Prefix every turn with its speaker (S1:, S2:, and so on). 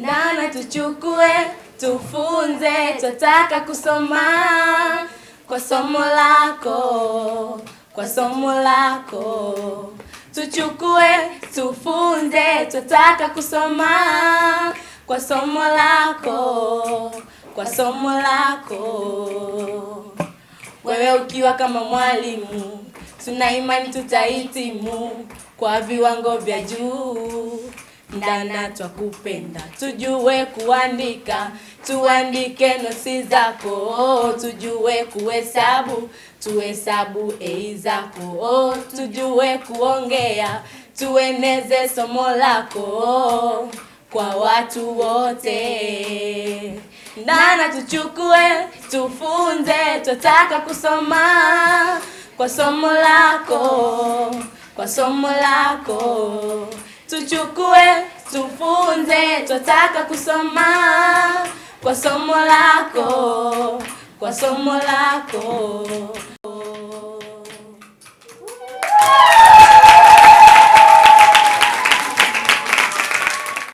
S1: Nana tuchukue tufunze, twataka kusoma kwa somo lako, kwa somo lako. Tuchukue tufunze, twataka kusoma kwa somo lako, kwa somo lako. Wewe ukiwa kama mwalimu, tuna imani tutahitimu kwa viwango vya juu. Mdana twakupenda, tujue kuandika, tuandike nosi zako, tujue kuhesabu, tuhesabu ei zako, tujue kuongea, tueneze somo lako kwa watu wote. ndana tuchukue, tufunze, twataka kusoma kwa somo lako, kwa somo lako tuchukue, tufunze, twataka kusoma kwa somo lako, kwa somo lako.